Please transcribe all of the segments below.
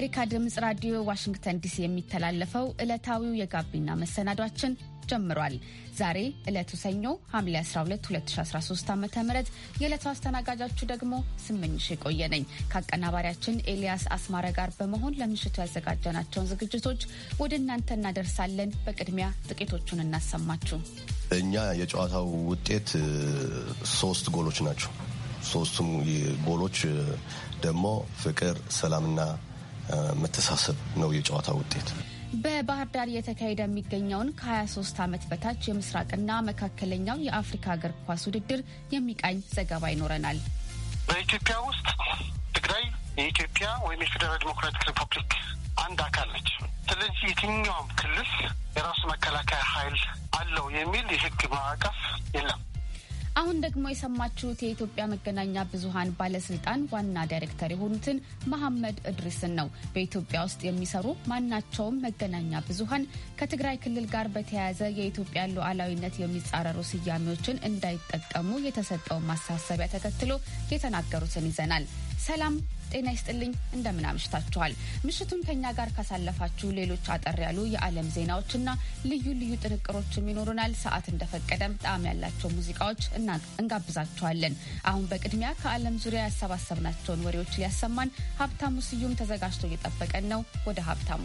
ከአሜሪካ ድምፅ ራዲዮ ዋሽንግተን ዲሲ የሚተላለፈው ዕለታዊው የጋቢና መሰናዷችን ጀምሯል። ዛሬ ዕለቱ ሰኞ ሐምሌ 12 2013 ዓ ም የዕለቱ አስተናጋጃችሁ ደግሞ ስመኝሽ የቆየ ነኝ ከአቀናባሪያችን ኤልያስ አስማረ ጋር በመሆን ለምሽቱ ያዘጋጀናቸውን ዝግጅቶች ወደ እናንተ እናደርሳለን። በቅድሚያ ጥቂቶቹን እናሰማችሁ። እኛ የጨዋታው ውጤት ሶስት ጎሎች ናቸው። ሶስቱም ጎሎች ደግሞ ፍቅር፣ ሰላምና መተሳሰብ ነው የጨዋታ ውጤት። በባህር ዳር እየተካሄደ የሚገኘውን ከ23 ዓመት በታች የምስራቅና መካከለኛው የአፍሪካ እግር ኳስ ውድድር የሚቃኝ ዘገባ ይኖረናል። በኢትዮጵያ ውስጥ ትግራይ የኢትዮጵያ ወይም የፌዴራል ዲሞክራቲክ ሪፐብሊክ አንድ አካል ነች። ስለዚህ የትኛውም ክልል የራሱ መከላከያ ኃይል አለው የሚል የህግ ማዕቀፍ የለም። አሁን ደግሞ የሰማችሁት የኢትዮጵያ መገናኛ ብዙሃን ባለስልጣን ዋና ዳይሬክተር የሆኑትን መሐመድ እድሪስን ነው። በኢትዮጵያ ውስጥ የሚሰሩ ማናቸውም መገናኛ ብዙሃን ከትግራይ ክልል ጋር በተያያዘ የኢትዮጵያ ሉዓላዊነት የሚጻረሩ ስያሜዎችን እንዳይጠቀሙ የተሰጠውን ማሳሰቢያ ተከትሎ የተናገሩትን ይዘናል። ሰላም ጤና ይስጥልኝ። እንደምን አምሽታችኋል? ምሽቱን ከኛ ጋር ካሳለፋችሁ ሌሎች አጠር ያሉ የዓለም ዜናዎችና ልዩ ልዩ ጥንቅሮችም ይኖሩናል። ሰዓት እንደፈቀደም ጣዕም ያላቸው ሙዚቃዎች እንጋብዛችኋለን። አሁን በቅድሚያ ከዓለም ዙሪያ ያሰባሰብናቸውን ወሬዎች ሊያሰማን ሀብታሙ ስዩም ተዘጋጅቶ እየጠበቀን ነው። ወደ ሀብታሙ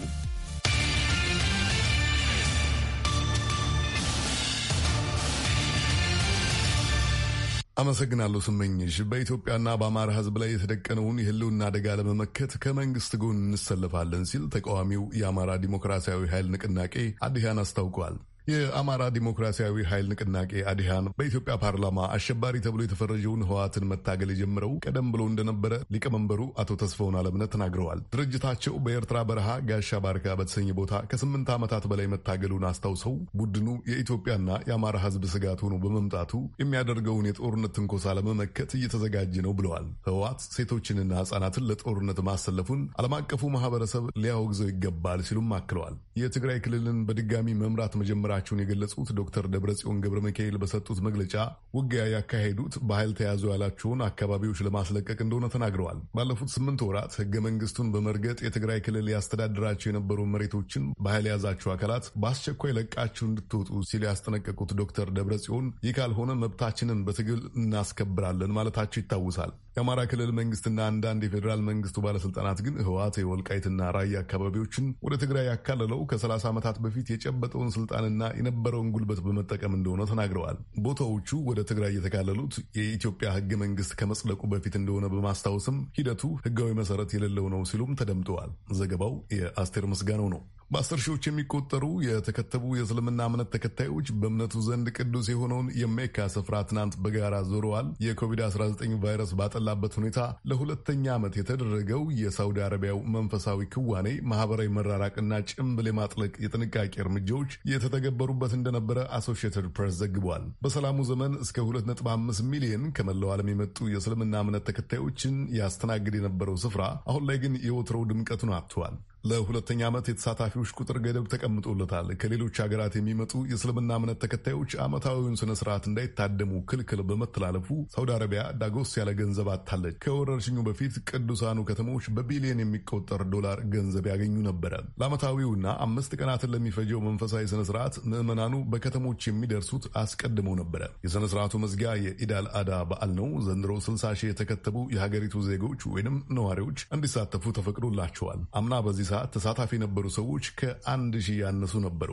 አመሰግናለሁ ስመኝሽ። በኢትዮጵያና በአማራ ሕዝብ ላይ የተደቀነውን የህልውና አደጋ ለመመከት ከመንግስት ጎን እንሰለፋለን ሲል ተቃዋሚው የአማራ ዲሞክራሲያዊ ኃይል ንቅናቄ አዲህን አስታውቋል። የአማራ ዲሞክራሲያዊ ኃይል ንቅናቄ አዲሃን በኢትዮጵያ ፓርላማ አሸባሪ ተብሎ የተፈረጀውን ህወሓትን መታገል የጀምረው ቀደም ብሎ እንደነበረ ሊቀመንበሩ አቶ ተስፋውን አለምነት ተናግረዋል። ድርጅታቸው በኤርትራ በረሃ ጋሻ ባርካ በተሰኘ ቦታ ከስምንት ዓመታት በላይ መታገሉን አስታውሰው ቡድኑ የኢትዮጵያና የአማራ ህዝብ ስጋት ሆኖ በመምጣቱ የሚያደርገውን የጦርነት ትንኮሳ ለመመከት እየተዘጋጀ ነው ብለዋል። ህወሓት ሴቶችንና ህጻናትን ለጦርነት ማሰለፉን ዓለም አቀፉ ማህበረሰብ ሊያወግዘው ይገባል ሲሉም አክለዋል። የትግራይ ክልልን በድጋሚ መምራት መጀመሪያ መጀመራቸውን የገለጹት ዶክተር ደብረጽዮን ገብረ ሚካኤል በሰጡት መግለጫ ውጊያ ያካሄዱት በኃይል ተያዙ ያላቸውን አካባቢዎች ለማስለቀቅ እንደሆነ ተናግረዋል። ባለፉት ስምንት ወራት ህገ መንግስቱን በመርገጥ የትግራይ ክልል ያስተዳድራቸው የነበሩ መሬቶችን በኃይል የያዛቸው አካላት በአስቸኳይ ለቃቸው እንድትወጡ ሲሉ ያስጠነቀቁት ዶክተር ደብረጽዮን ይህ ካልሆነ መብታችንን በትግል እናስከብራለን ማለታቸው ይታወሳል። የአማራ ክልል መንግስትና አንዳንድ የፌዴራል መንግስቱ ባለስልጣናት ግን ህወሓት የወልቃይትና ራያ አካባቢዎችን ወደ ትግራይ ያካለለው ከ30 ዓመታት በፊት የጨበጠውን ስልጣንና የነበረውን ጉልበት በመጠቀም እንደሆነ ተናግረዋል። ቦታዎቹ ወደ ትግራይ የተካለሉት የኢትዮጵያ ህገ መንግስት ከመጽደቁ በፊት እንደሆነ በማስታወስም ሂደቱ ህጋዊ መሰረት የሌለው ነው ሲሉም ተደምጠዋል። ዘገባው የአስቴር ምስጋናው ነው። በአስር ሺዎች የሚቆጠሩ የተከተቡ የእስልምና እምነት ተከታዮች በእምነቱ ዘንድ ቅዱስ የሆነውን የሜካ ስፍራ ትናንት በጋራ ዞረዋል። የኮቪድ-19 ቫይረስ ባጠላበት ሁኔታ ለሁለተኛ ዓመት የተደረገው የሳውዲ አረቢያው መንፈሳዊ ክዋኔ ማህበራዊ መራራቅና ጭምብል የማጥለቅ የጥንቃቄ እርምጃዎች የተተገበሩበት እንደነበረ አሶሺየትድ ፕሬስ ዘግቧል። በሰላሙ ዘመን እስከ 2.5 ሚሊዮን ከመላው ዓለም የመጡ የእስልምና እምነት ተከታዮችን ያስተናግድ የነበረው ስፍራ አሁን ላይ ግን የወትሮው ድምቀቱን አጥቷል። ለሁለተኛ ዓመት የተሳታፊዎች ቁጥር ገደብ ተቀምጦለታል። ከሌሎች ሀገራት የሚመጡ የእስልምና እምነት ተከታዮች ዓመታዊውን ስነ ስርዓት እንዳይታደሙ ክልክል በመተላለፉ ሳውዲ አረቢያ ዳጎስ ያለ ገንዘብ አታለች። ከወረርሽኙ በፊት ቅዱሳኑ ከተሞች በቢሊዮን የሚቆጠር ዶላር ገንዘብ ያገኙ ነበረ። ለዓመታዊውና አምስት ቀናትን ለሚፈጀው መንፈሳዊ ስነ ስርዓት ምዕመናኑ በከተሞች የሚደርሱት አስቀድመው ነበረ። የስነ ስርዓቱ መዝጊያ የኢዳል አዳ በዓል ነው። ዘንድሮ ስልሳ ሺህ የተከተቡ የሀገሪቱ ዜጎች ወይንም ነዋሪዎች እንዲሳተፉ ተፈቅዶላቸዋል። አምና በዚህ ተሳታፊ የነበሩ ሰዎች ከአንድ ሺህ ያነሱ ነበሩ።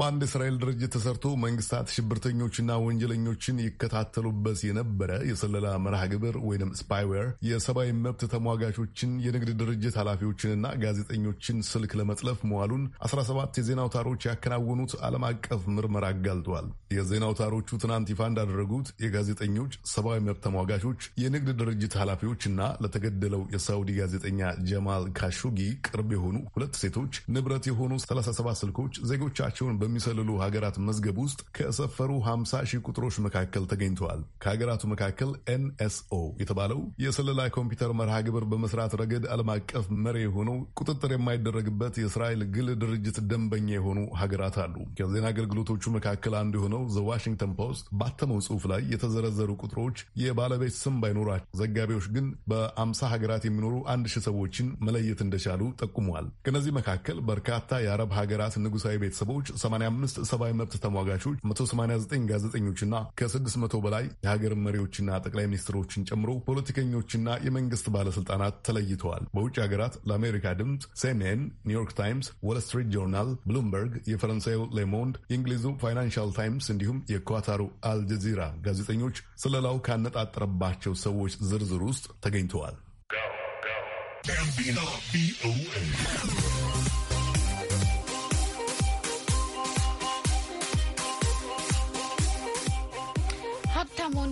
በአንድ እስራኤል ድርጅት ተሰርቶ መንግስታት ሽብርተኞችና ወንጀለኞችን ይከታተሉበት የነበረ የስለላ መርሃ ግብር ወይም ስፓይዌር የሰብአዊ መብት ተሟጋቾችን፣ የንግድ ድርጅት ኃላፊዎችንና ጋዜጠኞችን ስልክ ለመጥለፍ መዋሉን 17 የዜና አውታሮች ያከናወኑት ዓለም አቀፍ ምርመራ አጋልጧል። የዜና አውታሮቹ ትናንት ይፋ እንዳደረጉት የጋዜጠኞች፣ ሰብአዊ መብት ተሟጋቾች፣ የንግድ ድርጅት ኃላፊዎችና ለተገደለው የሳውዲ ጋዜጠኛ ጀማል ካሾጊ ቅርብ የሆኑ ሁለት ሴቶች ንብረት የሆኑ 37 ስልኮች ዜጎቻቸውን በሚሰልሉ ሀገራት መዝገብ ውስጥ ከሰፈሩ 50 ሺህ ቁጥሮች መካከል ተገኝተዋል። ከሀገራቱ መካከል ኤንኤስኦ የተባለው የስለላ ኮምፒውተር መርሃ ግብር በመስራት ረገድ ዓለም አቀፍ መሪ የሆነው ቁጥጥር የማይደረግበት የእስራኤል ግል ድርጅት ደንበኛ የሆኑ ሀገራት አሉ። ከዜና አገልግሎቶቹ መካከል አንዱ የሆነው ዘ ዋሽንግተን ፖስት ባተመው ጽሑፍ ላይ የተዘረዘሩ ቁጥሮች የባለቤት ስም ባይኖራቸው ዘጋቢዎች ግን በአምሳ ሀገራት የሚኖሩ አንድ ሺህ ሰዎችን መለየት እንደቻሉ ጠቁመዋል። ከነዚህ መካከል በርካታ የአረብ ሀገራት ንጉሳዊ ቤተሰቦች 85 ሰብአዊ መብት ተሟጋቾች፣ 189 ጋዜጠኞችና ከ600 በላይ የሀገር መሪዎችና ጠቅላይ ሚኒስትሮችን ጨምሮ ፖለቲከኞችና የመንግስት ባለስልጣናት ተለይተዋል። በውጭ ሀገራት ለአሜሪካ ድምፅ ሲኤንኤን፣ ኒውዮርክ ታይምስ፣ ወል ስትሪት ጆርናል፣ ብሉምበርግ፣ የፈረንሳዩ ሌሞንድ፣ የእንግሊዙ ፋይናንሻል ታይምስ እንዲሁም የኳታሩ አልጀዚራ ጋዜጠኞች ስለላው ካነጣጠረባቸው ሰዎች ዝርዝር ውስጥ ተገኝተዋል።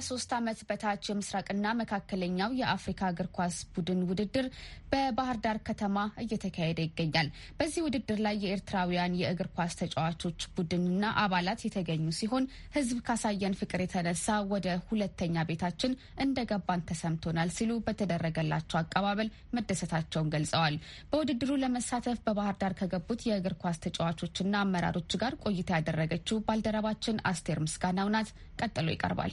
ከ ዓመት በታች የምስራቅና መካከለኛው የአፍሪካ እግር ኳስ ቡድን ውድድር በባህር ዳር ከተማ እየተካሄደ ይገኛል። በዚህ ውድድር ላይ የኤርትራውያን የእግር ኳስ ተጫዋቾች ቡድንና አባላት የተገኙ ሲሆን ሕዝብ ካሳየን ፍቅር የተነሳ ወደ ሁለተኛ ቤታችን እንደገባን ተሰምቶናል ሲሉ በተደረገላቸው አቀባበል መደሰታቸውን ገልጸዋል። በውድድሩ ለመሳተፍ በባህር ዳር ከገቡት የእግር ኳስ ተጫዋቾችና አመራሮች ጋር ቆይታ ያደረገችው ባልደረባችን አስቴር ምስጋናው ናት። ቀጥሎ ይቀርባል።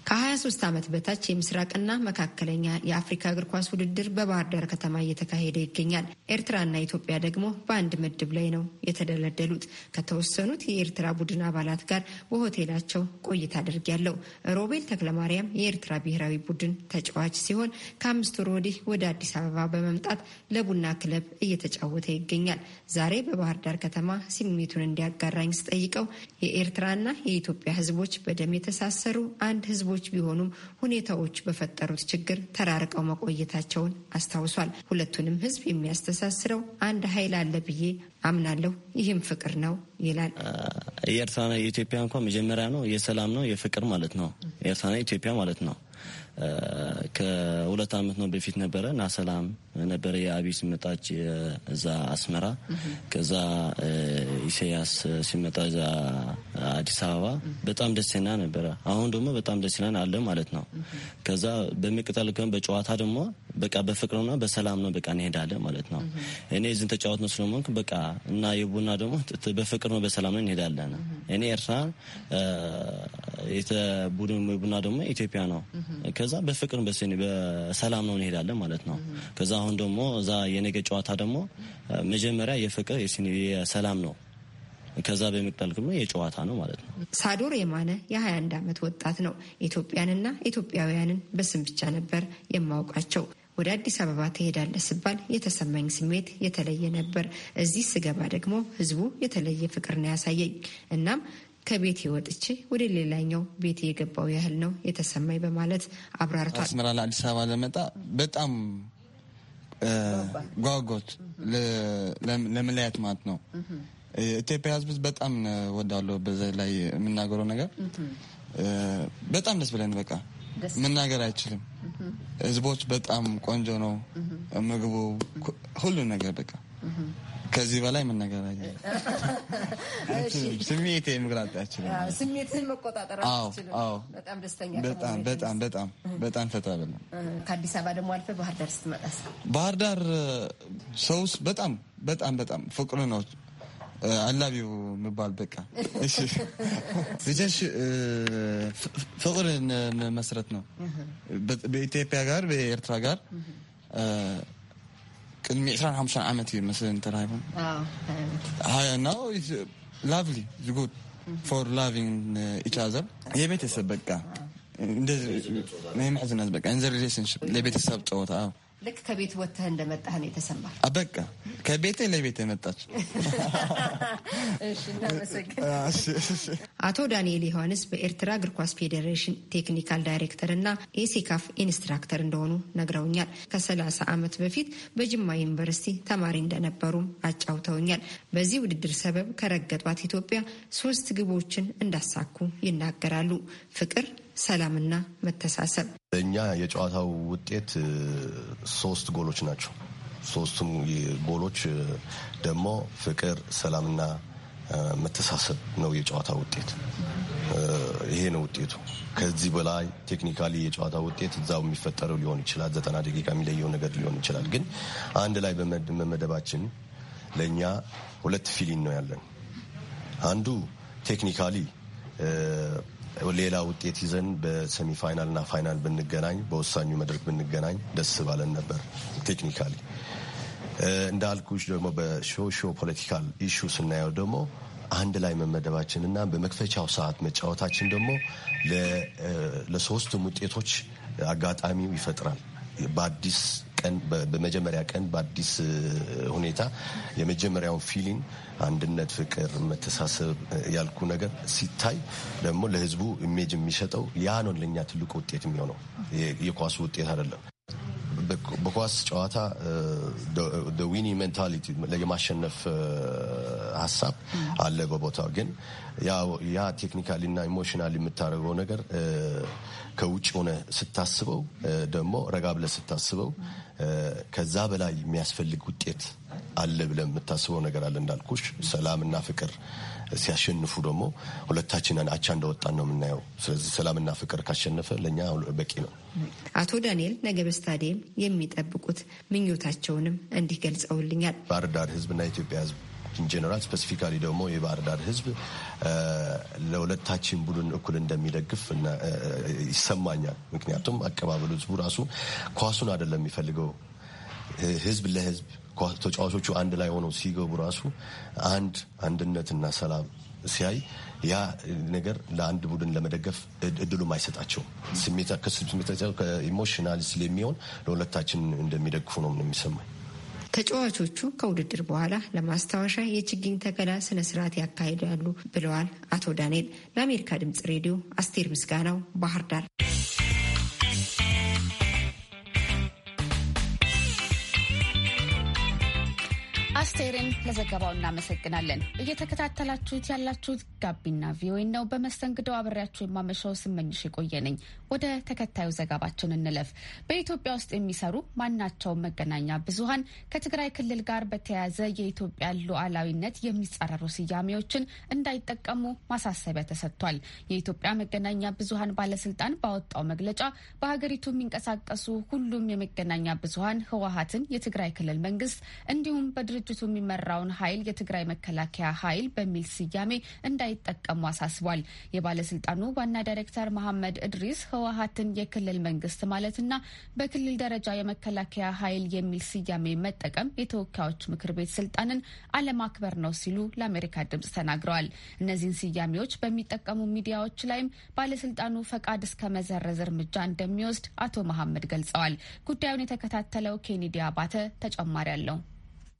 ከ23 ዓመት በታች የምስራቅና መካከለኛ የአፍሪካ እግር ኳስ ውድድር በባህር ዳር ከተማ እየተካሄደ ይገኛል። ኤርትራና ኢትዮጵያ ደግሞ በአንድ ምድብ ላይ ነው የተደለደሉት። ከተወሰኑት የኤርትራ ቡድን አባላት ጋር በሆቴላቸው ቆይታ አድርጊያለሁ። ሮቤል ተክለማርያም የኤርትራ ብሔራዊ ቡድን ተጫዋች ሲሆን ከአምስት ወር ወዲህ ወደ አዲስ አበባ በመምጣት ለቡና ክለብ እየተጫወተ ይገኛል። ዛሬ በባህር ዳር ከተማ ስሜቱን እንዲያጋራኝ ስጠይቀው የኤርትራና የኢትዮጵያ ሕዝቦች በደም የተሳሰሩ አንድ ሕዝቦ ህዝቦች ቢሆኑም ሁኔታዎች በፈጠሩት ችግር ተራርቀው መቆየታቸውን አስታውሷል። ሁለቱንም ህዝብ የሚያስተሳስረው አንድ ኃይል አለ ብዬ አምናለሁ። ይህም ፍቅር ነው ይላል። የኤርትራና የኢትዮጵያ እንኳ መጀመሪያ ነው የሰላም ነው የፍቅር ማለት ነው። ኤርትራና ኢትዮጵያ ማለት ነው ከሁለት አመት ነው በፊት ነበረ እና ሰላም ነበረ የአብይ ሲመጣች እዛ አስመራ፣ ከዛ ኢሳያስ ሲመጣ እዛ አዲስ አበባ በጣም ደስ ደስተኛ ነበረ። አሁን ደግሞ በጣም ደስ ደስተኛ አለ ማለት ነው። ከዛ በሚቀጠል ቀን በጨዋታ ደግሞ በቃ በፍቅርና በሰላም ነው በቃ እንሄዳለን ማለት ነው። እኔ ዝን ተጫወት ነው ስለሆንክ በቃ እና የቡና ደግሞ በፍቅር ነው በሰላም ነው እንሄዳለን። እኔ ኤርትራ ቡድን የቡና ደግሞ ኢትዮጵያ ነው ከዛ በፍቅር በሰላም ነው እንሄዳለን ማለት ነው። ከዛ አሁን ደግሞ እዛ የነገ ጨዋታ ደግሞ መጀመሪያ የፍቅር የሰላም ነው። ከዛ በመቅጠል ግን የጨዋታ ነው ማለት ነው። ሳዶር የማነ የ21 ዓመት ወጣት ነው። ኢትዮጵያንና ኢትዮጵያውያንን በስም ብቻ ነበር የማውቃቸው። ወደ አዲስ አበባ ትሄዳለህ ስባል የተሰማኝ ስሜት የተለየ ነበር። እዚህ ስገባ ደግሞ ህዝቡ የተለየ ፍቅር ነው ያሳየኝ። እናም ከቤት ወጥቼ ወደ ሌላኛው ቤት የገባው ያህል ነው የተሰማኝ በማለት አብራርቷል። አስመራ ለአዲስ አበባ ለመጣ በጣም ጓጎት ለመለያት ማለት ነው። ኢትዮጵያ ሕዝብ በጣም ወዳለ በዛ ላይ የምናገረው ነገር በጣም ደስ ብለን በቃ መናገር አይችልም። ሕዝቦች በጣም ቆንጆ ነው ምግቡ፣ ሁሉ ነገር በቃ ከዚህ በላይ መነገር ስሜቴ መግለጥ አልችልም። ስሜትህን መቆጣጠር አልችልም። በጣም ደስተኛ በጣም በጣም በጣም ፈታ ብለ ከአዲስ አበባ ደግሞ አልፈ ባህር ዳር ስትመጣ ባህር ዳር ሰውስ በጣም በጣም በጣም ፍቅሩ ነው። አላቢው የሚባል በቃ ልጆች ፍቅርን መስረት ነው በኢትዮጵያ ጋር በኤርትራ ጋር ቅድሚ 25 ዓመት እዩ መስለኒ ተራሂቦም እና ላቭሊ ጉድ ፎር ላቪንግ ኢች የቤተሰብ በቃ ናይ ምሕዝነት በቃ እንዘ ሪሌሽንሽፕ ናይ ፀወታ ልክ ከቤት ወጥተህ እንደመጣህ ነው የተሰማ። በቃ ከቤቴ ለቤት የመጣች አቶ ዳንኤል ዮሐንስ በኤርትራ እግር ኳስ ፌዴሬሽን ቴክኒካል ዳይሬክተር እና ኤሲካፍ ኢንስትራክተር እንደሆኑ ነግረውኛል። ከሰላሳ ዓመት በፊት በጅማ ዩኒቨርሲቲ ተማሪ እንደነበሩም አጫውተውኛል። በዚህ ውድድር ሰበብ ከረገጧት ኢትዮጵያ ሶስት ግቦችን እንዳሳኩ ይናገራሉ። ፍቅር ሰላምና መተሳሰብ። እኛ የጨዋታው ውጤት ሶስት ጎሎች ናቸው። ሶስቱም ጎሎች ደግሞ ፍቅር፣ ሰላምና መተሳሰብ ነው የጨዋታ ውጤት። ይሄ ነው ውጤቱ። ከዚህ በላይ ቴክኒካሊ የጨዋታ ውጤት እዛው የሚፈጠረው ሊሆን ይችላል። ዘጠና ደቂቃ የሚለየው ነገር ሊሆን ይችላል። ግን አንድ ላይ በመመደባችን ለእኛ ሁለት ፊሊን ነው ያለን። አንዱ ቴክኒካሊ ሌላ ውጤት ይዘን በሰሚ ና ፋይናል ብንገናኝ፣ በወሳኙ መድረክ ብንገናኝ ደስ ባለን ነበር። ቴክኒካሊ እንደ አልኩሽ ደግሞ በሾሾ ፖለቲካል ኢሹ ስናየው ደግሞ አንድ ላይ መመደባችን እና በመክፈቻው ሰዓት መጫወታችን ደግሞ ለሶስቱም ውጤቶች አጋጣሚው ይፈጥራል በአዲስ ቀን በመጀመሪያ ቀን በአዲስ ሁኔታ የመጀመሪያውን ፊሊን አንድነት፣ ፍቅር፣ መተሳሰብ ያልኩ ነገር ሲታይ ደግሞ ለህዝቡ ኢሜጅ የሚሰጠው ያ ነው ለእኛ ትልቁ ውጤት የሚሆነው የኳሱ ውጤት አይደለም። በኳስ ጨዋታ ዊኒ ሜንታሊቲ የማሸነፍ ሀሳብ አለ በቦታው ግን ያ ቴክኒካሊ እና ኢሞሽናሊ የምታደርገው ነገር ከውጭ ሆነ ስታስበው ደግሞ ረጋ ብለ ስታስበው ከዛ በላይ የሚያስፈልግ ውጤት አለ ብለ የምታስበው ነገር አለ እንዳልኩሽ ሰላምና ፍቅር ሲያሸንፉ ደግሞ ሁለታችንን አቻ እንደወጣን ነው የምናየው። ስለዚህ ሰላምና ፍቅር ካሸነፈ ለእኛ በቂ ነው። አቶ ዳንኤል ነገ በስታዲየም የሚጠብቁት ምኞታቸውንም እንዲህ ገልጸውልኛል። ባህር ዳር ህዝብና የኢትዮጵያ ህዝብ ኢንጀነራል ስፔሲፊካሊ ደግሞ የባህር ዳር ህዝብ ለሁለታችን ቡድን እኩል እንደሚደግፍ ይሰማኛል። ምክንያቱም አቀባበሉ ህዝቡ ራሱ ኳሱን አይደለም የሚፈልገው ህዝብ ለህዝብ ተጫዋቾቹ አንድ ላይ ሆነው ሲገቡ ራሱ አንድ አንድነትና ሰላም ሲያይ ያ ነገር ለአንድ ቡድን ለመደገፍ እድሉም አይሰጣቸውም። ኢሞሽናል ስለሚሆን ለሁለታችን እንደሚደግፉ ነው የሚሰማኝ። ተጫዋቾቹ ከውድድር በኋላ ለማስታወሻ የችግኝ ተከላ ስነ ስርዓት ያካሂዳሉ ብለዋል አቶ ዳንኤል። ለአሜሪካ ድምጽ ሬዲዮ አስቴር ምስጋናው ባህር ዳር አስቴርን ለዘገባው እናመሰግናለን። እየተከታተላችሁት ያላችሁት ጋቢና ቪኦኤ ነው። በመስተንግደው አብሬያችሁ የማመሻው ስመኝሽ የቆየ ነኝ። ወደ ተከታዩ ዘገባችን እንለፍ። በኢትዮጵያ ውስጥ የሚሰሩ ማናቸውም መገናኛ ብዙኃን ከትግራይ ክልል ጋር በተያያዘ የኢትዮጵያ ሉዓላዊነት የሚጻረሩ ስያሜዎችን እንዳይጠቀሙ ማሳሰቢያ ተሰጥቷል። የኢትዮጵያ መገናኛ ብዙኃን ባለስልጣን ባወጣው መግለጫ በሀገሪቱ የሚንቀሳቀሱ ሁሉም የመገናኛ ብዙኃን ህወሀትን የትግራይ ክልል መንግስት እንዲሁም በድርጅቱ የሚመራውን ኃይል የትግራይ መከላከያ ኃይል በሚል ስያሜ እንዳይጠቀሙ አሳስቧል። የባለስልጣኑ ዋና ዳይሬክተር መሐመድ እድሪስ የህወሀትን የክልል መንግስት ማለትና በክልል ደረጃ የመከላከያ ኃይል የሚል ስያሜ መጠቀም የተወካዮች ምክር ቤት ስልጣንን አለማክበር ነው ሲሉ ለአሜሪካ ድምጽ ተናግረዋል። እነዚህን ስያሜዎች በሚጠቀሙ ሚዲያዎች ላይም ባለስልጣኑ ፈቃድ እስከ መዘረዝ እርምጃ እንደሚወስድ አቶ መሐመድ ገልጸዋል። ጉዳዩን የተከታተለው ኬኔዲ አባተ ተጨማሪ አለው።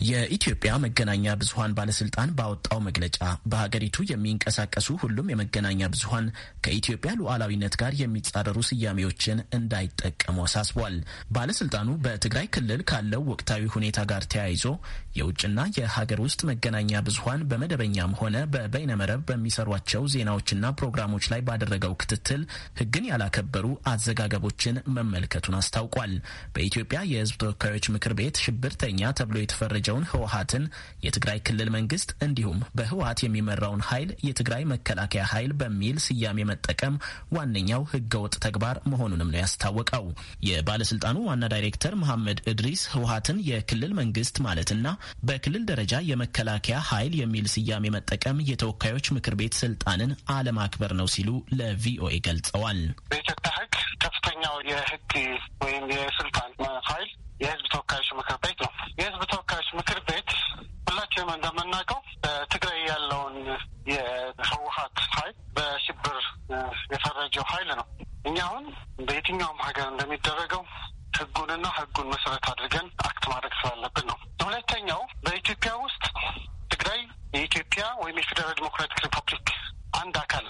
የኢትዮጵያ መገናኛ ብዙሀን ባለስልጣን ባወጣው መግለጫ በሀገሪቱ የሚንቀሳቀሱ ሁሉም የመገናኛ ብዙሀን ከኢትዮጵያ ሉዓላዊነት ጋር የሚጻረሩ ስያሜዎችን እንዳይጠቀሙ አሳስቧል። ባለስልጣኑ በትግራይ ክልል ካለው ወቅታዊ ሁኔታ ጋር ተያይዞ የውጭና የሀገር ውስጥ መገናኛ ብዙሀን በመደበኛም ሆነ በበይነመረብ በሚሰሯቸው ዜናዎችና ፕሮግራሞች ላይ ባደረገው ክትትል ሕግን ያላከበሩ አዘጋገቦችን መመልከቱን አስታውቋል። በኢትዮጵያ የሕዝብ ተወካዮች ምክር ቤት ሽብርተኛ ተብሎ የተፈረጀ መሆናቸውን ህወሀትን የትግራይ ክልል መንግስት እንዲሁም በህወሀት የሚመራውን ኃይል የትግራይ መከላከያ ኃይል በሚል ስያሜ መጠቀም ዋነኛው ህገወጥ ተግባር መሆኑንም ነው ያስታወቀው። የባለስልጣኑ ዋና ዳይሬክተር መሐመድ እድሪስ ህወሀትን የክልል መንግስት ማለትና በክልል ደረጃ የመከላከያ ኃይል የሚል ስያሜ መጠቀም የተወካዮች ምክር ቤት ስልጣንን አለማክበር ነው ሲሉ ለቪኦኤ ገልጸዋል። በኢትዮጵያ ህግ ዋነኛው የህግ ወይም የስልጣን ፋይል የህዝብ ተወካዮች ምክር ቤት ነው። የህዝብ ተወካዮች ምክር ቤት ሁላችንም እንደምናውቀው በትግራይ ያለውን የህወሀት ሀይል በሽብር የፈረጀው ሀይል ነው። እኛ አሁን በየትኛውም ሀገር እንደሚደረገው ህጉንና ህጉን መሰረት አድርገን አክት ማድረግ ስላለብን ነው። ሁለተኛው በኢትዮጵያ ውስጥ ትግራይ የኢትዮጵያ ወይም የፌዴራል ዲሞክራቲክ ሪፐብሊክ አንድ አካል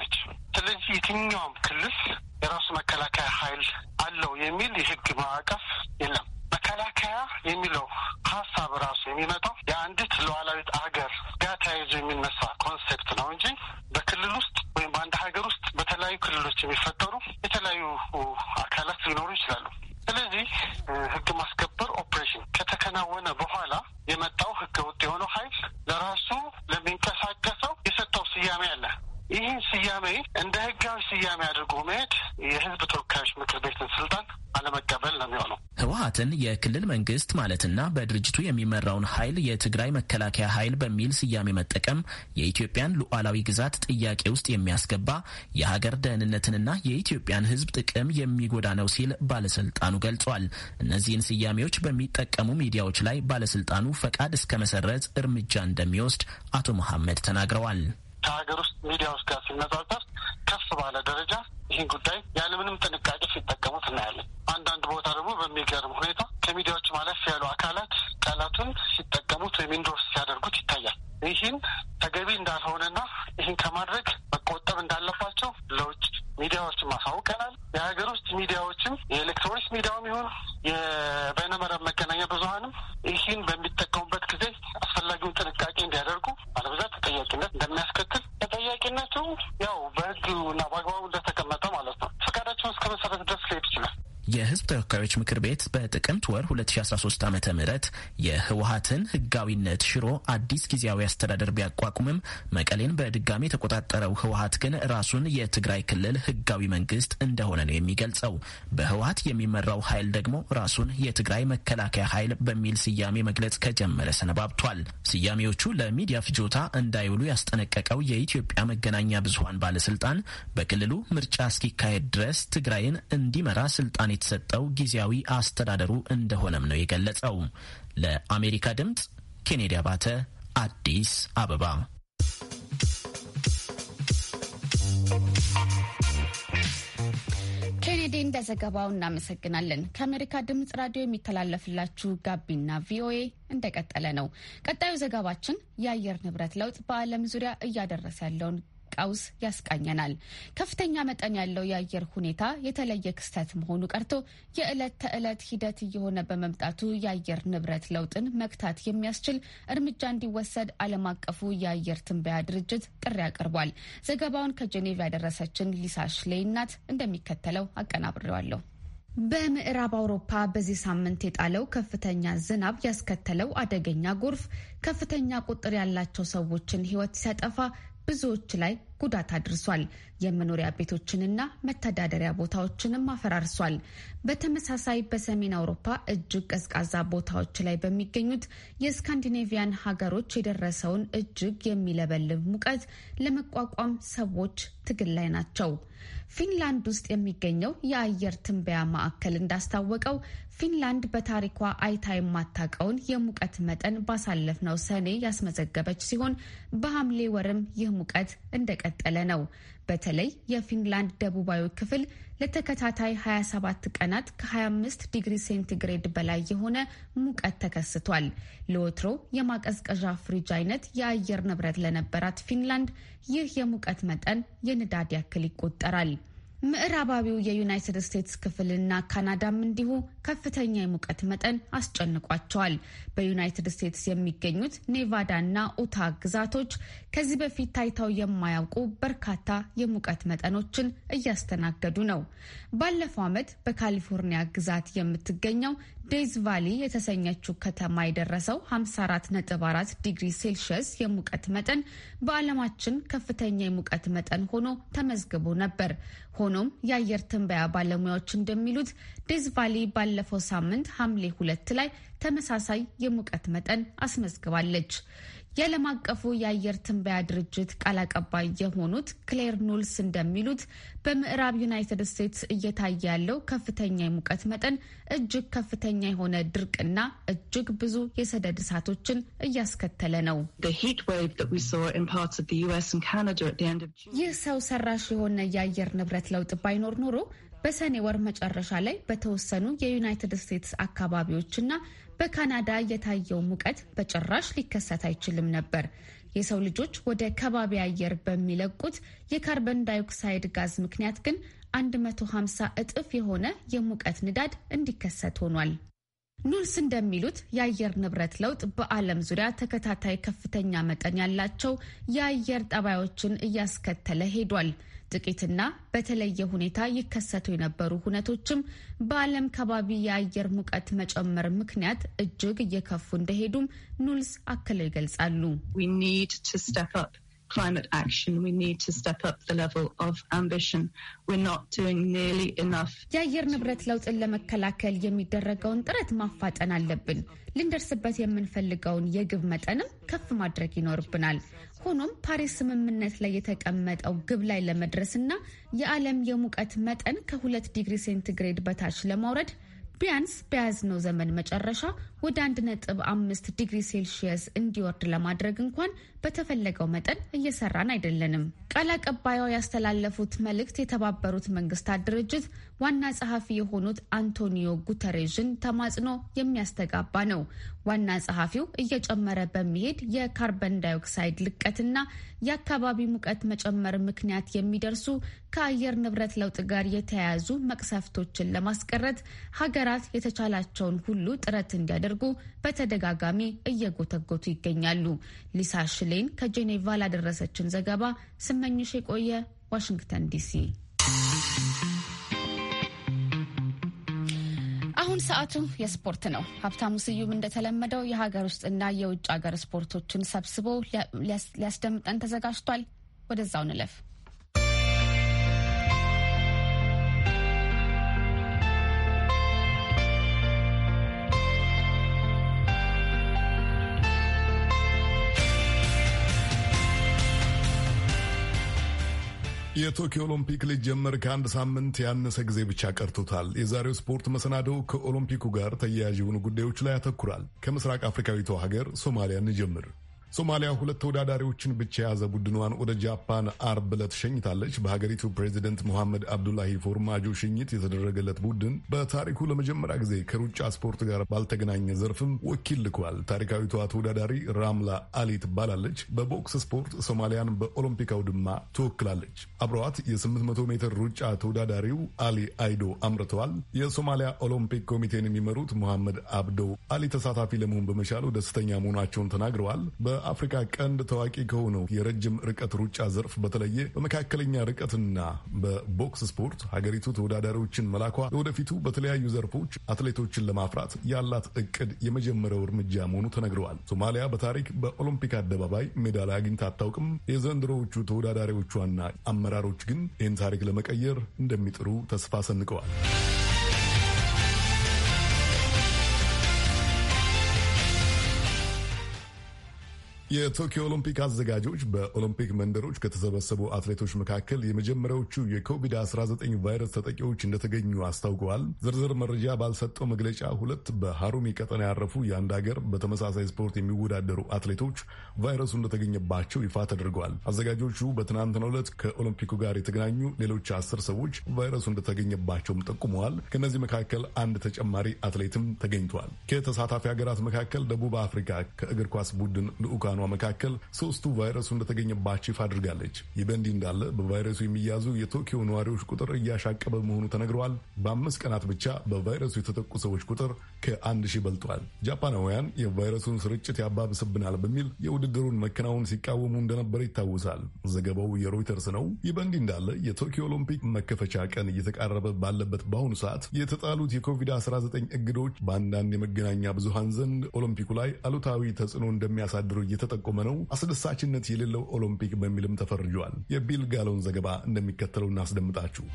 መንግስት ማለትና በድርጅቱ የሚመራውን ኃይል የትግራይ መከላከያ ኃይል በሚል ስያሜ መጠቀም የኢትዮጵያን ሉዓላዊ ግዛት ጥያቄ ውስጥ የሚያስገባ የሀገር ደህንነትንና የኢትዮጵያን ሕዝብ ጥቅም የሚጎዳ ነው ሲል ባለስልጣኑ ገልጿል። እነዚህን ስያሜዎች በሚጠቀሙ ሚዲያዎች ላይ ባለስልጣኑ ፈቃድ እስከ መሰረዝ እርምጃ እንደሚወስድ አቶ መሐመድ ተናግረዋል። ከሀገር ውስጥ ሚዲያዎች ጋር ሲነጻጸር ከፍ ባለ ደረጃ ይህን ጉዳይ ያለምንም ጥንቃቄ ሲጠቀሙት እናያለን። አንዳንድ ቦታ ደግሞ በሚገርም ሁኔታ ከሚዲያዎች ማለፍ ያሉ አካላት ቃላቱን ሲጠቀሙት ወይም ኢንዶርስ ሲያደርጉት ይታያል። ይህን ተገቢ እንዳልሆነና ይህን ከማድረግ መቆጠብ እንዳለባቸው ለውጭ ሚዲያዎች ማሳውቀናል። የሀገር ውስጥ ሚዲያዎችም የኤሌክትሮኒክስ ሚዲያውም ይሁን የበይነመረብ መገናኛ ብዙሀንም ይህን በሚጠቀሙበት ጊዜ አስፈላጊውን እንደሚያስከትል ተጠያቂነቱ ያው በህግ እና በአግባቡ እንደተ የህዝብ ተወካዮች ምክር ቤት በጥቅምት ወር 2013 ዓ ም የህወሀትን ህጋዊነት ሽሮ አዲስ ጊዜያዊ አስተዳደር ቢያቋቁምም መቀሌን በድጋሚ የተቆጣጠረው ህወሀት ግን ራሱን የትግራይ ክልል ህጋዊ መንግስት እንደሆነ ነው የሚገልጸው። በህወሀት የሚመራው ኃይል ደግሞ ራሱን የትግራይ መከላከያ ኃይል በሚል ስያሜ መግለጽ ከጀመረ ሰነባብቷል። ስያሜዎቹ ለሚዲያ ፍጆታ እንዳይውሉ ያስጠነቀቀው የኢትዮጵያ መገናኛ ብዙሀን ባለስልጣን በክልሉ ምርጫ እስኪካሄድ ድረስ ትግራይን እንዲመራ ስልጣን የተሰጠው ጊዜያዊ አስተዳደሩ እንደሆነም ነው የገለጸው። ለአሜሪካ ድምፅ ኬኔዲ አባተ አዲስ አበባ። ኬኔዲን ለዘገባው እናመሰግናለን። ከአሜሪካ ድምፅ ራዲዮ የሚተላለፍላችሁ ጋቢና ቪኦኤ እንደቀጠለ ነው። ቀጣዩ ዘገባችን የአየር ንብረት ለውጥ በዓለም ዙሪያ እያደረሰ ያለውን ቀውስ ያስቃኘናል። ከፍተኛ መጠን ያለው የአየር ሁኔታ የተለየ ክስተት መሆኑ ቀርቶ የዕለት ተዕለት ሂደት እየሆነ በመምጣቱ የአየር ንብረት ለውጥን መግታት የሚያስችል እርምጃ እንዲወሰድ ዓለም አቀፉ የአየር ትንበያ ድርጅት ጥሪ አቅርቧል። ዘገባውን ከጄኔቭ ያደረሰችን ሊሳ ሽሌይ ናት። እንደሚከተለው አቀናብሬዋለሁ። በምዕራብ አውሮፓ በዚህ ሳምንት የጣለው ከፍተኛ ዝናብ ያስከተለው አደገኛ ጎርፍ ከፍተኛ ቁጥር ያላቸው ሰዎችን ሕይወት ሲያጠፋ ብዙዎች ላይ ጉዳት አድርሷል። የመኖሪያ ቤቶችንና መተዳደሪያ ቦታዎችንም አፈራርሷል። በተመሳሳይ በሰሜን አውሮፓ እጅግ ቀዝቃዛ ቦታዎች ላይ በሚገኙት የስካንዲኔቪያን ሀገሮች የደረሰውን እጅግ የሚለበልብ ሙቀት ለመቋቋም ሰዎች ትግል ላይ ናቸው። ፊንላንድ ውስጥ የሚገኘው የአየር ትንበያ ማዕከል እንዳስታወቀው ፊንላንድ በታሪኳ አይታ የማታቀውን የሙቀት መጠን ባሳለፍነው ሰኔ ያስመዘገበች ሲሆን በሐምሌ ወርም ይህ ሙቀት እንደቀጠለ ነው። በተለይ የፊንላንድ ደቡባዊ ክፍል ለተከታታይ 27 ቀናት ከ25 ዲግሪ ሴንቲግሬድ በላይ የሆነ ሙቀት ተከስቷል። ለወትሮ የማቀዝቀዣ ፍሪጅ አይነት የአየር ንብረት ለነበራት ፊንላንድ ይህ የሙቀት መጠን የንዳድ ያክል ይቆጠራል። ምዕራባዊው የዩናይትድ ስቴትስ ክፍልና ካናዳም እንዲሁ ከፍተኛ የሙቀት መጠን አስጨንቋቸዋል። በዩናይትድ ስቴትስ የሚገኙት እና ኡታ ግዛቶች ከዚህ በፊት ታይተው የማያውቁ በርካታ የሙቀት መጠኖችን እያስተናገዱ ነው። ባለፈው ዓመት በካሊፎርኒያ ግዛት የምትገኘው ዴዝ ቫሊ የተሰኘችው ከተማ የደረሰው 54.4 ዲግሪ ሴልሺየስ የሙቀት መጠን በዓለማችን ከፍተኛ የሙቀት መጠን ሆኖ ተመዝግቦ ነበር። ሆኖም የአየር ትንበያ ባለሙያዎች እንደሚሉት ዴዝ ቫሊ ባለፈው ሳምንት ሐምሌ ሁለት ላይ ተመሳሳይ የሙቀት መጠን አስመዝግባለች። የዓለም አቀፉ የአየር ትንበያ ድርጅት ቃል አቀባይ የሆኑት ክሌር ኑልስ እንደሚሉት በምዕራብ ዩናይትድ ስቴትስ እየታየ ያለው ከፍተኛ የሙቀት መጠን እጅግ ከፍተኛ የሆነ ድርቅና እጅግ ብዙ የሰደድ እሳቶችን እያስከተለ ነው። ይህ ሰው ሰራሽ የሆነ የአየር ንብረት ለውጥ ባይኖር ኖሮ በሰኔ ወር መጨረሻ ላይ በተወሰኑ የዩናይትድ ስቴትስ አካባቢዎችና በካናዳ የታየው ሙቀት በጭራሽ ሊከሰት አይችልም ነበር። የሰው ልጆች ወደ ከባቢ አየር በሚለቁት የካርበን ዳይኦክሳይድ ጋዝ ምክንያት ግን 150 እጥፍ የሆነ የሙቀት ንዳድ እንዲከሰት ሆኗል። ኑርስ እንደሚሉት የአየር ንብረት ለውጥ በዓለም ዙሪያ ተከታታይ ከፍተኛ መጠን ያላቸው የአየር ጠባዮችን እያስከተለ ሄዷል። ጥቂትና በተለየ ሁኔታ ይከሰቱ የነበሩ ሁነቶችም በዓለም ከባቢ የአየር ሙቀት መጨመር ምክንያት እጅግ እየከፉ እንደሄዱም ኑልስ አክለው ይገልጻሉ። climate action, we need to step up the level of ambition. We're not doing nearly enough. የአየር ንብረት ለውጥን ለመከላከል የሚደረገውን ጥረት ማፋጠን አለብን። ልንደርስበት የምንፈልገውን የግብ መጠንም ከፍ ማድረግ ይኖርብናል። ሆኖም ፓሪስ ስምምነት ላይ የተቀመጠው ግብ ላይ ለመድረስና የዓለም የሙቀት መጠን ከሁለት ዲግሪ ሴንቲግሬድ በታች ለማውረድ ቢያንስ በያዝነው ዘመን መጨረሻ ወደ 1.5 ዲግሪ ሴልሺየስ እንዲወርድ ለማድረግ እንኳን በተፈለገው መጠን እየሰራን አይደለንም። ቃል አቀባዩ ያስተላለፉት መልእክት የተባበሩት መንግስታት ድርጅት ዋና ጸሐፊ የሆኑት አንቶኒዮ ጉተሬዥን ተማጽኖ የሚያስተጋባ ነው። ዋና ጸሐፊው እየጨመረ በሚሄድ የካርበን ዳይኦክሳይድ ልቀትና የአካባቢ ሙቀት መጨመር ምክንያት የሚደርሱ ከአየር ንብረት ለውጥ ጋር የተያያዙ መቅሰፍቶችን ለማስቀረት ሀገራት የተቻላቸውን ሁሉ ጥረት እንዲያደርጉ እንዲያደርጉ በተደጋጋሚ እየጎተጎቱ ይገኛሉ። ሊሳ ሽሌን ከጄኔቫ ላደረሰችን ዘገባ ስመኝሽ የቆየ ዋሽንግተን ዲሲ። አሁን ሰዓቱ የስፖርት ነው። ሀብታሙ ስዩም እንደተለመደው የሀገር ውስጥና የውጭ ሀገር ስፖርቶችን ሰብስቦ ሊያስደምጠን ተዘጋጅቷል። ወደዛው ንለፍ። የቶኪዮ ኦሎምፒክ ሊጀመር ከአንድ ሳምንት ያነሰ ጊዜ ብቻ ቀርቶታል። የዛሬው ስፖርት መሰናዶ ከኦሎምፒኩ ጋር ተያያዥ የሆኑ ጉዳዮች ላይ ያተኩራል። ከምስራቅ አፍሪካዊቷ ሀገር ሶማሊያ እንጀምር። ሶማሊያ ሁለት ተወዳዳሪዎችን ብቻ የያዘ ቡድኗን ወደ ጃፓን አርብ ዕለት ሸኝታለች። በሀገሪቱ ፕሬዚደንት ሞሐመድ አብዱላሂ ፎርማጆ ሽኝት የተደረገለት ቡድን በታሪኩ ለመጀመሪያ ጊዜ ከሩጫ ስፖርት ጋር ባልተገናኘ ዘርፍም ወኪል ልኳል። ታሪካዊቷ ተወዳዳሪ ራምላ አሊ ትባላለች። በቦክስ ስፖርት ሶማሊያን በኦሎምፒክ አውድማ ትወክላለች። አብረዋት የ800 ሜትር ሩጫ ተወዳዳሪው አሊ አይዶ አምርተዋል። የሶማሊያ ኦሎምፒክ ኮሚቴን የሚመሩት ሞሐመድ አብዶ አሊ ተሳታፊ ለመሆን በመቻሉ ደስተኛ መሆናቸውን ተናግረዋል። በአፍሪካ ቀንድ ታዋቂ ከሆነው የረጅም ርቀት ሩጫ ዘርፍ በተለየ በመካከለኛ ርቀትና በቦክስ ስፖርት ሀገሪቱ ተወዳዳሪዎችን መላኳ ለወደፊቱ በተለያዩ ዘርፎች አትሌቶችን ለማፍራት ያላት እቅድ የመጀመሪያው እርምጃ መሆኑ ተነግረዋል። ሶማሊያ በታሪክ በኦሎምፒክ አደባባይ ሜዳሊያ አግኝታ አታውቅም። የዘንድሮዎቹ ተወዳዳሪዎቿና አመራሮች ግን ይህን ታሪክ ለመቀየር እንደሚጥሩ ተስፋ ሰንቀዋል። የቶኪዮ ኦሎምፒክ አዘጋጆች በኦሎምፒክ መንደሮች ከተሰበሰቡ አትሌቶች መካከል የመጀመሪያዎቹ የኮቪድ-19 ቫይረስ ተጠቂዎች እንደተገኙ አስታውቀዋል። ዝርዝር መረጃ ባልሰጠው መግለጫ ሁለት በሐሩሚ ቀጠና ያረፉ የአንድ ሀገር በተመሳሳይ ስፖርት የሚወዳደሩ አትሌቶች ቫይረሱ እንደተገኘባቸው ይፋ ተደርገዋል። አዘጋጆቹ በትናንትናው ዕለት ከኦሎምፒኩ ጋር የተገናኙ ሌሎች አስር ሰዎች ቫይረሱ እንደተገኘባቸውም ጠቁመዋል። ከእነዚህ መካከል አንድ ተጨማሪ አትሌትም ተገኝቷል። ከተሳታፊ ሀገራት መካከል ደቡብ አፍሪካ ከእግር ኳስ ቡድን ልዑካኑ ከሆኗ መካከል ሶስቱ ቫይረሱ እንደተገኘባቸው ይፋ አድርጋለች። ይህ በእንዲህ እንዳለ በቫይረሱ የሚያዙ የቶኪዮ ነዋሪዎች ቁጥር እያሻቀበ መሆኑ ተነግረዋል። በአምስት ቀናት ብቻ በቫይረሱ የተጠቁ ሰዎች ቁጥር ከአንድ ሺህ በልጧል። ጃፓናውያን የቫይረሱን ስርጭት ያባብስብናል በሚል የውድድሩን መከናወን ሲቃወሙ እንደነበረ ይታወሳል። ዘገባው የሮይተርስ ነው። ይህ በእንዲህ እንዳለ የቶኪዮ ኦሎምፒክ መከፈቻ ቀን እየተቃረበ ባለበት በአሁኑ ሰዓት የተጣሉት የኮቪድ-19 እግዶች በአንዳንድ የመገናኛ ብዙሃን ዘንድ ኦሎምፒኩ ላይ አሉታዊ ተጽዕኖ እንደሚያሳድሩ እየተ እንደጠቆመ ነው። አስደሳችነት የሌለው ኦሎምፒክ በሚልም ተፈርጇል። የቢል ጋሎን ዘገባ እንደሚከተለው እናስደምጣችሁ።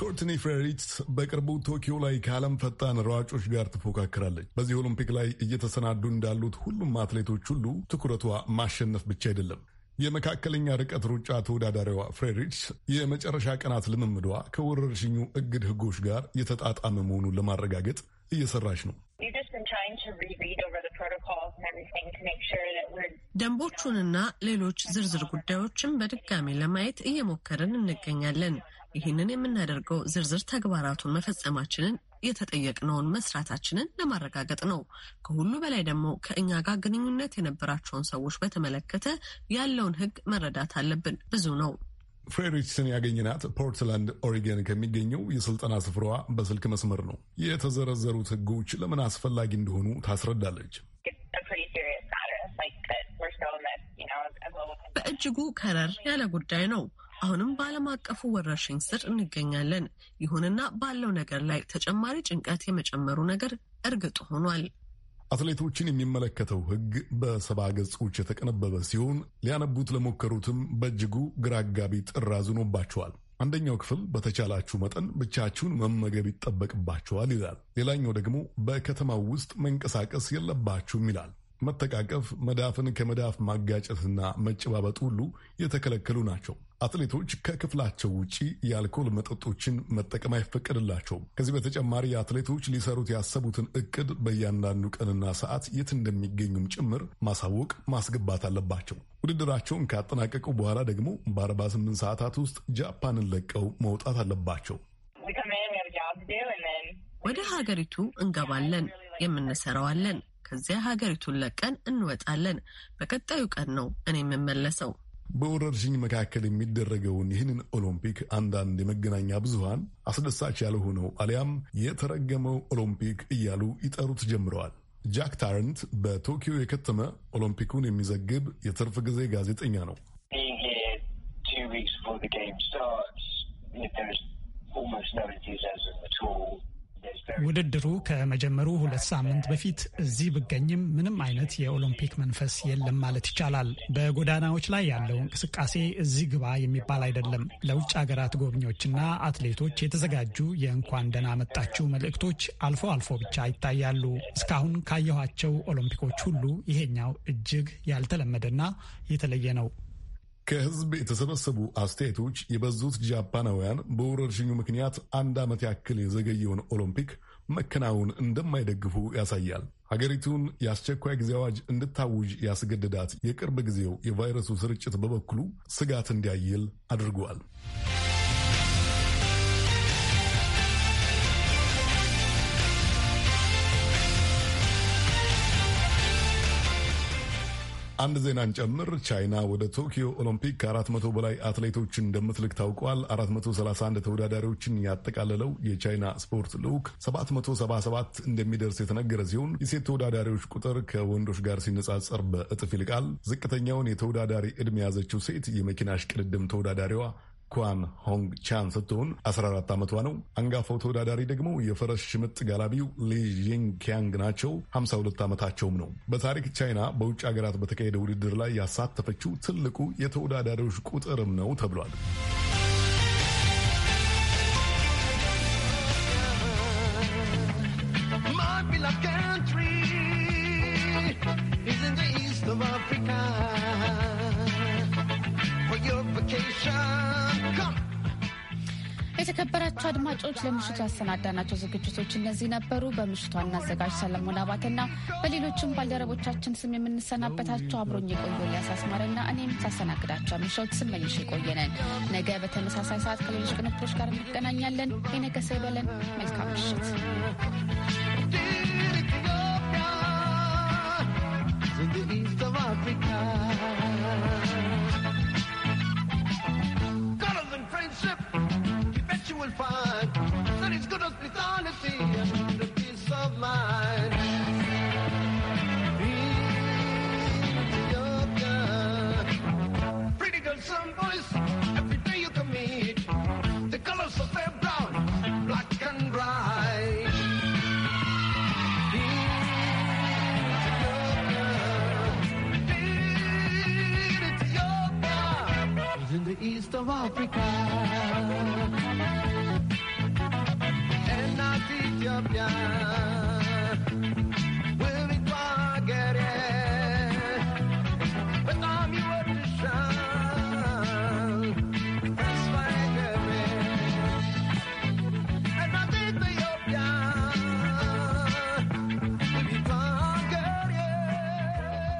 ኮርትኒ ፍሬሪት በቅርቡ ቶኪዮ ላይ ከዓለም ፈጣን ሯጮች ጋር ትፎካከራለች። በዚህ ኦሎምፒክ ላይ እየተሰናዱ እንዳሉት ሁሉም አትሌቶች ሁሉ ትኩረቷ ማሸነፍ ብቻ አይደለም የመካከለኛ ርቀት ሩጫ ተወዳዳሪዋ ፍሬድሪክስ የመጨረሻ ቀናት ልምምዷ ከወረርሽኙ እግድ ህጎች ጋር የተጣጣመ መሆኑን ለማረጋገጥ እየሰራች ነው። ደንቦቹንና ሌሎች ዝርዝር ጉዳዮችን በድጋሚ ለማየት እየሞከርን እንገኛለን። ይህንን የምናደርገው ዝርዝር ተግባራቱን መፈጸማችንን የተጠየቅነውን መስራታችንን ለማረጋገጥ ነው። ከሁሉ በላይ ደግሞ ከእኛ ጋር ግንኙነት የነበራቸውን ሰዎች በተመለከተ ያለውን ሕግ መረዳት አለብን። ብዙ ነው። ፍሬሪችስን ያገኝናት ፖርትላንድ ኦሪገን ከሚገኘው የስልጠና ስፍራዋ በስልክ መስመር ነው። የተዘረዘሩት ሕጎች ለምን አስፈላጊ እንደሆኑ ታስረዳለች። በእጅጉ ከረር ያለ ጉዳይ ነው። አሁንም በዓለም አቀፉ ወረርሽኝ ስር እንገኛለን። ይሁንና ባለው ነገር ላይ ተጨማሪ ጭንቀት የመጨመሩ ነገር እርግጥ ሆኗል። አትሌቶችን የሚመለከተው ሕግ በሰባ ገጾች የተቀነበበ ሲሆን ሊያነቡት ለሞከሩትም በእጅጉ ግራ አጋቢ ጥር አዝኖባቸዋል። አንደኛው ክፍል በተቻላችሁ መጠን ብቻችሁን መመገብ ይጠበቅባችኋል ይላል። ሌላኛው ደግሞ በከተማው ውስጥ መንቀሳቀስ የለባችሁም ይላል። መተቃቀፍ፣ መዳፍን ከመዳፍ ማጋጨትና መጨባበጥ ሁሉ የተከለከሉ ናቸው። አትሌቶች ከክፍላቸው ውጪ የአልኮል መጠጦችን መጠቀም አይፈቀድላቸውም። ከዚህ በተጨማሪ አትሌቶች ሊሰሩት ያሰቡትን እቅድ በእያንዳንዱ ቀንና ሰዓት የት እንደሚገኙም ጭምር ማሳወቅ ማስገባት አለባቸው። ውድድራቸውን ካጠናቀቁ በኋላ ደግሞ በ48 ሰዓታት ውስጥ ጃፓንን ለቀው መውጣት አለባቸው። ወደ ሀገሪቱ እንገባለን፣ የምንሰራዋለን። ከዚያ ሀገሪቱን ለቀን እንወጣለን። በቀጣዩ ቀን ነው እኔ የምመለሰው። በወረርሽኝ መካከል የሚደረገውን ይህንን ኦሎምፒክ አንዳንድ የመገናኛ ብዙሃን አስደሳች ያልሆነው አሊያም የተረገመው ኦሎምፒክ እያሉ ይጠሩት ጀምረዋል። ጃክ ታረንት በቶኪዮ የከተመ ኦሎምፒኩን የሚዘግብ የትርፍ ጊዜ ጋዜጠኛ ነው። ውድድሩ ከመጀመሩ ሁለት ሳምንት በፊት እዚህ ብገኝም ምንም አይነት የኦሎምፒክ መንፈስ የለም ማለት ይቻላል። በጎዳናዎች ላይ ያለው እንቅስቃሴ እዚህ ግባ የሚባል አይደለም። ለውጭ ሀገራት ጎብኚዎችና አትሌቶች የተዘጋጁ የእንኳን ደህና መጣችሁ መልእክቶች አልፎ አልፎ ብቻ ይታያሉ። እስካሁን ካየኋቸው ኦሎምፒኮች ሁሉ ይሄኛው እጅግ ያልተለመደና የተለየ ነው። ከህዝብ የተሰበሰቡ አስተያየቶች የበዙት ጃፓናውያን በወረርሽኙ ምክንያት አንድ ዓመት ያክል የዘገየውን ኦሎምፒክ መከናወን እንደማይደግፉ ያሳያል። ሀገሪቱን የአስቸኳይ ጊዜ አዋጅ እንድታውጅ ያስገድዳት የቅርብ ጊዜው የቫይረሱ ስርጭት በበኩሉ ስጋት እንዲያይል አድርጓል። አንድ ዜናን ጨምር ቻይና ወደ ቶኪዮ ኦሎምፒክ ከአራት መቶ በላይ አትሌቶችን እንደምትልክ ታውቋል። 431 ተወዳዳሪዎችን ያጠቃለለው የቻይና ስፖርት ልዑክ 777 እንደሚደርስ የተነገረ ሲሆን የሴት ተወዳዳሪዎች ቁጥር ከወንዶች ጋር ሲነጻጸር በእጥፍ ይልቃል። ዝቅተኛውን የተወዳዳሪ ዕድሜ የያዘችው ሴት የመኪና እሽቅድድም ተወዳዳሪዋ ኳን ሆንግ ቻን ስትሆን 14 ዓመቷ ነው። አንጋፋው ተወዳዳሪ ደግሞ የፈረስ ሽምጥ ጋላቢው ሊዥንግ ኪያንግ ናቸው። 52 ዓመታቸውም ነው። በታሪክ ቻይና በውጭ ሀገራት በተካሄደ ውድድር ላይ ያሳተፈችው ትልቁ የተወዳዳሪዎች ቁጥርም ነው ተብሏል። of Africa. የተከበራቸው አድማጮች ለምሽቱ ያሰናዳናቸው ዝግጅቶች እነዚህ ነበሩ። በምሽቱ ዋና አዘጋጅ ሰለሞን አባተና በሌሎችም ባልደረቦቻችን ስም የምንሰናበታቸው አብሮኝ የቆየ ኤልያስ አስማረና እኔም ሳስተናግዳቸው ምሽት ስመኝሽ የቆየነን ነገ በተመሳሳይ ሰዓት ከሌሎች ቅንብቶች ጋር እንገናኛለን። የነገ ሰው ይበለን። መልካም ምሽት። nova África.